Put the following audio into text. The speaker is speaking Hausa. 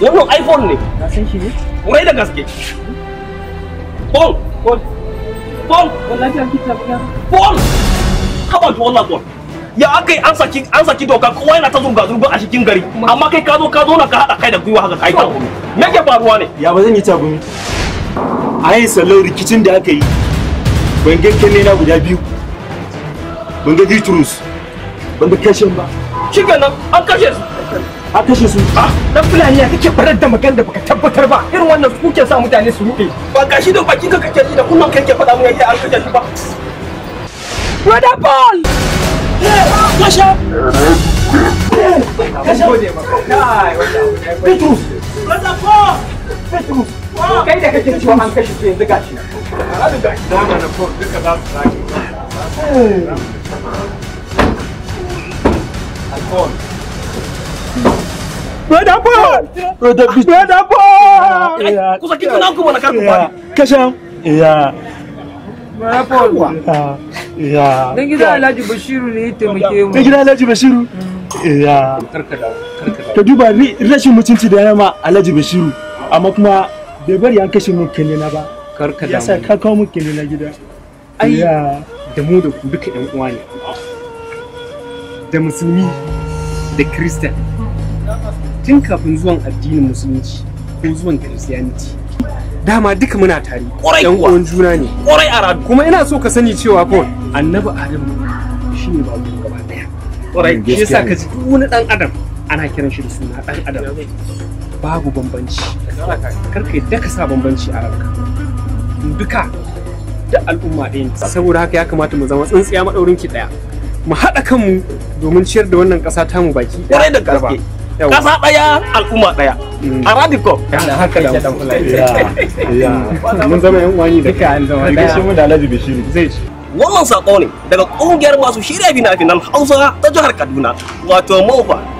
wannan iphone ne na san shi ne kurai da gaske bon bon bon wallahi an kita ba bon haba to wallahi bon ya aka an saki an saki doka kowa yana ta zunga zunga a cikin gari amma kai ka zo ka zo na ka hada kai da gwiwa haka kai ta me ke faruwa ne ya ba zan yi tagumi a yin sallau rikicin da aka yi ban ga kelle na guda biyu ban ga bitrus ban ga kashin ba shi kenan an kashe su a kashe su ah, dan fulani ya kake barar da magan da baka tabbatar ba irin wannan su kuke sa mutane su rufe ba gashi da bakin ka kake ji da kullun kake faɗa mun yake an kashe shi ba brother paul kashe kashe gode kai petrus brother paul kai da kake cewa an kashe su yanzu gashi Brother Paul! Brother Paul! Brother Paul! Kusa kitu na huko bwana kaka kwa. Kesha. Yeah. Brother Paul. Yeah. Yeah. Alhaji Bashiru ne ya taimake mu. Dan Alhaji Bashiru. Yeah. Ka duba rashin mutunci da yana Alhaji Bashiru amma kuma bai bari an kashe min kelle na ba. Karka da. Yasa ka kawo na gida. Ai. Da mu da duka ɗan uwa ne. Da musulmi da kirista tun kafin zuwan addinin musulunci ko zuwan kiristiyaniti? dama duka muna tare yan uwan juna ne ƙwarai a kuma ina so ka sani cewa paul annabi adam shine babu gaba daya ƙwarai shi yasa ka ji duk wani ɗan adam ana kiran shi da suna ɗan adam babu bambanci karka yadda ka sa bambanci a ranka duka da al'umma ɗaya saboda haka ya kamata mu zama tsintsiya maɗaurin ki ɗaya mu haɗa kanmu domin ciyar da wannan ƙasa tamu baki ɗaya da gaske kasa daya al'umma daya mm. a radiko mun zama da kai shi mu da Alhaji Bishiru zai ci wannan sako ne daga kungiyar masu shirya fina-finan Hausa ta jihar Kaduna wato Mofa